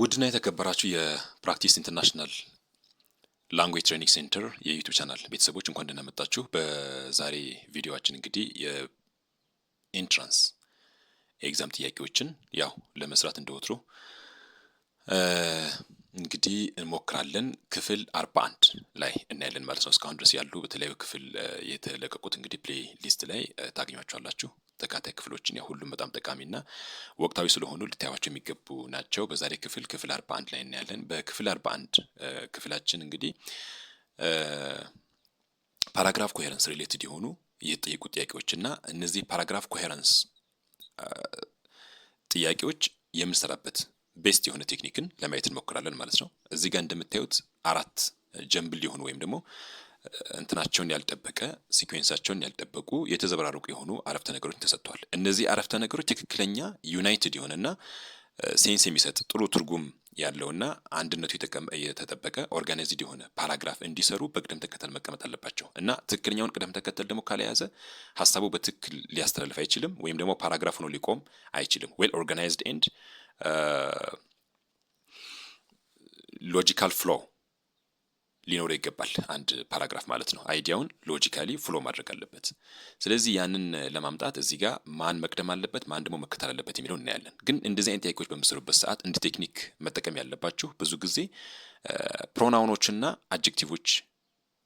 ውድና የተከበራችሁ የፕራክቲስ ኢንተርናሽናል ላንጉጅ ትሬኒንግ ሴንተር የዩቱብ ቻናል ቤተሰቦች እንኳን ደህና መጣችሁ። በዛሬ ቪዲዮችን እንግዲህ የኢንትራንስ ኤግዛም ጥያቄዎችን ያው ለመስራት እንደወትሮ እንግዲህ እንሞክራለን። ክፍል አርባ አንድ ላይ እናያለን ማለት ነው። እስካሁን ድረስ ያሉ በተለያዩ ክፍል የተለቀቁት እንግዲህ ፕሌይ ሊስት ላይ ታገኟቸዋላችሁ። ተካታይ ክፍሎችን ያ ሁሉም በጣም ጠቃሚና ወቅታዊ ስለሆኑ ልታያቸው የሚገቡ ናቸው። በዛሬ ክፍል ክፍል አርባ አንድ ላይ እናያለን። በክፍል አርባ አንድ ክፍላችን እንግዲህ ፓራግራፍ ኮሄረንስ ሪሌትድ የሆኑ የተጠየቁ ጥያቄዎች እና እነዚህ ፓራግራፍ ኮሄረንስ ጥያቄዎች የምንሰራበት ቤስት የሆነ ቴክኒክን ለማየት እንሞክራለን ማለት ነው። እዚህ ጋር እንደምታዩት አራት ጀምብል የሆኑ ወይም ደግሞ እንትናቸውን ያልጠበቀ ሲኩዌንሳቸውን ያልጠበቁ የተዘበራረቁ የሆኑ አረፍተ ነገሮች ተሰጥቷል። እነዚህ አረፍተ ነገሮች ትክክለኛ ዩናይትድ የሆነና ሴንስ uh, የሚሰጥ ጥሩ ትርጉም ያለውና አንድነቱ የተጠበቀ ኦርጋናይዝድ የሆነ ፓራግራፍ እንዲሰሩ በቅደም ተከተል መቀመጥ አለባቸው እና ትክክለኛውን ቅደም ተከተል ደግሞ ካለያዘ ሀሳቡ በትክክል ሊያስተላልፍ አይችልም፣ ወይም ደግሞ ፓራግራፍ ሆኖ ሊቆም አይችልም። ዌል ኦርጋናይዝድ ኤንድ ሎጂካል ፍሎው ሊኖረው ይገባል። አንድ ፓራግራፍ ማለት ነው። አይዲያውን ሎጂካሊ ፍሎ ማድረግ አለበት። ስለዚህ ያንን ለማምጣት እዚህ ጋር ማን መቅደም አለበት፣ ማን ደግሞ መከተል አለበት የሚለው እናያለን። ግን እንደዚህ አይነት ጥያቄዎች በምሰሩበት ሰዓት እንደ ቴክኒክ መጠቀም ያለባችሁ ብዙ ጊዜ ፕሮናውኖችና አጀክቲቮች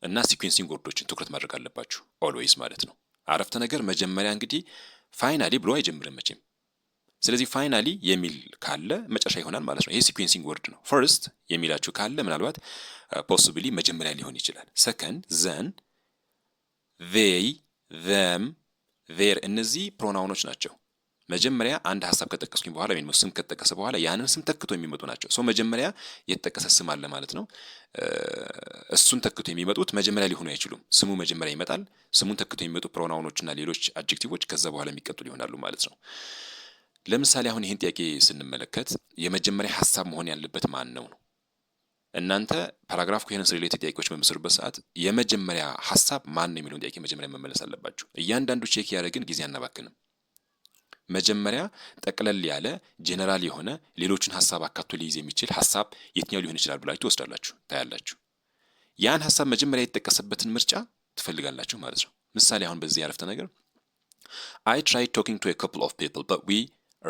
እና ሲኩዌንሲንግ ወርዶችን ትኩረት ማድረግ አለባችሁ ኦልዌይስ ማለት ነው። አረፍተ ነገር መጀመሪያ እንግዲህ ፋይናሊ ብሎ አይጀምርም መቼም ስለዚህ ፋይናሊ የሚል ካለ መጨረሻ ይሆናል ማለት ነው። ይሄ ሲኩዌንሲንግ ወርድ ነው። ፈርስት የሚላችሁ ካለ ምናልባት ፖስብሊ uh, መጀመሪያ ሊሆን ይችላል። ሰከንድ ዘን፣ ዜይ፣ ዘም፣ ቬር እነዚህ ፕሮናውኖች ናቸው። መጀመሪያ አንድ ሀሳብ ከጠቀስኩኝ በኋላ ወይም ስም ከተጠቀሰ በኋላ ያንን ስም ተክቶ የሚመጡ ናቸው። ሰው መጀመሪያ የተጠቀሰ ስም አለ ማለት ነው። uh, እሱን ተክቶ የሚመጡት መጀመሪያ ሊሆኑ አይችሉም። ስሙ መጀመሪያ ይመጣል። ስሙን ተክቶ የሚመጡ ፕሮናውኖችና ሌሎች አድጀክቲቮች ከዛ በኋላ የሚቀጥሉ ይሆናሉ ማለት ነው። ለምሳሌ አሁን ይህን ጥያቄ ስንመለከት የመጀመሪያ ሀሳብ መሆን ያለበት ማን ነው ነው። እናንተ ፓራግራፍ ኮሄረንስ ሪሌትድ ጥያቄዎች በምስሩበት ሰዓት የመጀመሪያ ሀሳብ ማን ነው የሚለውን ጥያቄ መጀመሪያ መመለስ አለባችሁ። እያንዳንዱ ቼክ ያደረግን ጊዜ አናባክንም። መጀመሪያ ጠቅለል ያለ ጄኔራል የሆነ ሌሎችን ሀሳብ አካቶ ሊይዝ የሚችል ሀሳብ የትኛው ሊሆን ይችላል ብላችሁ ትወስዳላችሁ፣ ታያላችሁ። ያን ሀሳብ መጀመሪያ የተጠቀሰበትን ምርጫ ትፈልጋላችሁ ማለት ነው። ምሳሌ አሁን በዚህ ያረፍተ ነገር አይ ትራይ ቶኪንግ ቱ ኤ ኮፕል ኦፍ ፒፕል በት ዊ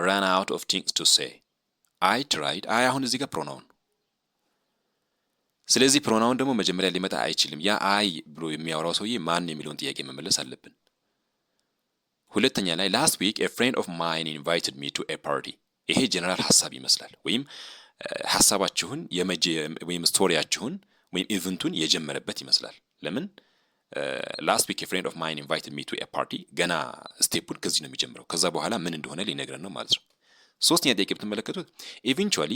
ራን አውት ኦፍ ቲንግስ ቱ ሴይ አይ ትራይድ። አይ አሁን እዚህ ጋር ፕሮናውን ስለዚህ ፕሮናውን ደግሞ መጀመሪያ ሊመጣ አይችልም። ያ አይ ብሎ የሚያወራው ሰውዬ ማን የሚለውን ጥያቄ መመለስ አለብን። ሁለተኛ ላይ ላስት ዊክ ኤ ፍሬንድ ኦፍ ማይን ኢንቫይትድ ሚ ቱ ኤ ፓርቲ። ይሄ ጀነራል ሀሳብ ይመስላል። ወይም ሀሳባችሁን ወይም ስቶሪያችሁን ወይም ኢቨንቱን የጀመረበት ይመስላል። ለምን ላስት ዊክ ፍሬንድ ኦፍ ማይን ኢንቫይትድ ሚ ቱ ኤ ፓርቲ። ገና ስቴፑን ከዚህ ነው የሚጀምረው። ከዛ በኋላ ምን እንደሆነ ሊነግረን ነው ማለት ነው። ሶስተኛ ጥያቄ ብትመለከቱት ኢቨንቹዋሊ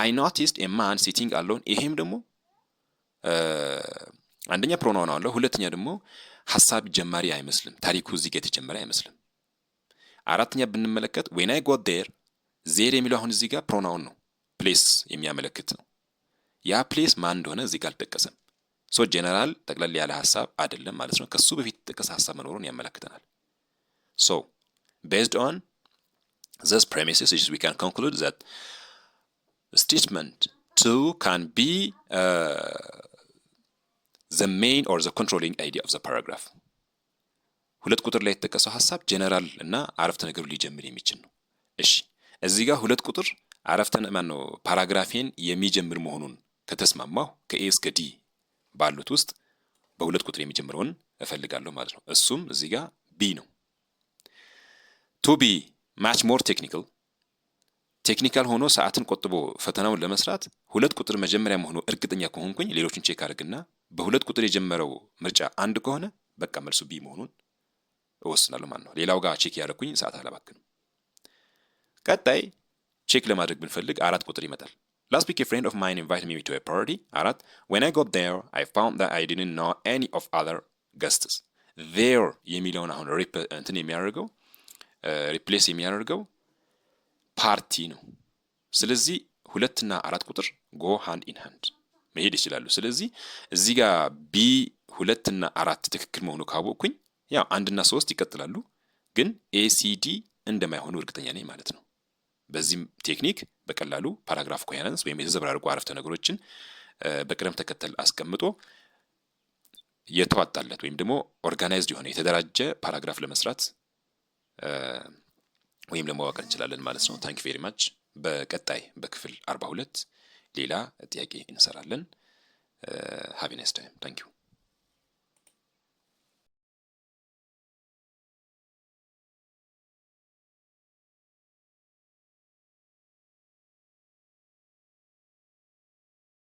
አይ ኖቲስድ ኤ ማን ሲቲንግ አለውን። ይሄም ደግሞ uh, አንደኛ ፕሮናውን አለው፣ ሁለተኛ ደግሞ ሀሳብ ጀማሪ አይመስልም። ታሪኩ እዚህ ጋር የተጀመረ አይመስልም። አራተኛ ብንመለከት ዌን አይ ጎት ዴር ዜር የሚለው አሁን እዚህ ጋር ፕሮናውን ነው ፕሌስ የሚያመለክት ነው። ያ ፕሌስ ማን እንደሆነ እዚህ ጋር አልጠቀሰም። ሶ ጀነራል ጠቅለል ያለ ሀሳብ አይደለም ማለት ነው። ከሱ በፊት ጥቅስ ሀሳብ መኖሩን ያመለክተናል። ሶ ቤዝድ ኦን ዘስ ፕሬሚስስ ዊ ካን ኮንክሉድ ዛት ስቴትመንት ቱ ካን ቢ ዘ ሜይን ኦር ዘ ኮንትሮሊንግ አይዲያ ኦፍ ዘ ፓራግራፍ። ሁለት ቁጥር ላይ የተጠቀሰው ሀሳብ ጀነራል እና አረፍተ ነገር ሊጀምር የሚችል ነው። እሺ እዚህ ጋር ሁለት ቁጥር አረፍተ ማን ነው ፓራግራፌን የሚጀምር መሆኑን ከተስማማሁ ከኤ እስከ ዲ ባሉት ውስጥ በሁለት ቁጥር የሚጀምረውን እፈልጋለሁ ማለት ነው። እሱም እዚህ ጋር ቢ ነው። ቱ ቢ ማች ሞር ቴክኒካል ቴክኒካል ሆኖ ሰዓትን ቆጥቦ ፈተናውን ለመስራት ሁለት ቁጥር መጀመሪያ መሆኑ እርግጠኛ ከሆንኩኝ ሌሎችን ቼክ አድርግና በሁለት ቁጥር የጀመረው ምርጫ አንድ ከሆነ በቃ መልሱ ቢ መሆኑን እወስናለሁ ማለት ነው። ሌላው ጋር ቼክ ያደረግኩኝ ሰዓት አላባክንም። ቀጣይ ቼክ ለማድረግ ብንፈልግ አራት ቁጥር ይመጣል። Last week, a friend of mine invited me to a party. አራት when I got there, I found that I didn't know any of other guests. there የሚለውን አሁን ሪፕ እንትን የሚያደርገው ሪፕሌስ የሚያደርገው ፓርቲ ነው። ስለዚህ ሁለትና አራት ቁጥር ጎ ሃንድ ኢን ሃንድ መሄድ ይችላሉ። ስለዚህ እዚህ ጋር ቢ ሁለትና አራት ትክክል መሆኑ ካወቅኩኝ ያው አንድና ሶስት ይቀጥላሉ፣ ግን ኤሲዲ እንደማይሆኑ እርግጠኛ ነኝ ማለት ነው። በዚህም ቴክኒክ በቀላሉ ፓራግራፍ ኮሄረንስ ወይም የተዘበራርቁ አረፍተ ነገሮችን በቅደም ተከተል አስቀምጦ የተዋጣለት ወይም ደግሞ ኦርጋናይዝድ የሆነ የተደራጀ ፓራግራፍ ለመስራት ወይም ለማዋቀር እንችላለን ማለት ነው። ታንክ ቬሪ ማች። በቀጣይ በክፍል 42 ሌላ ጥያቄ እንሰራለን። ሃቪ ናይስ ታይም። ታንኪዩ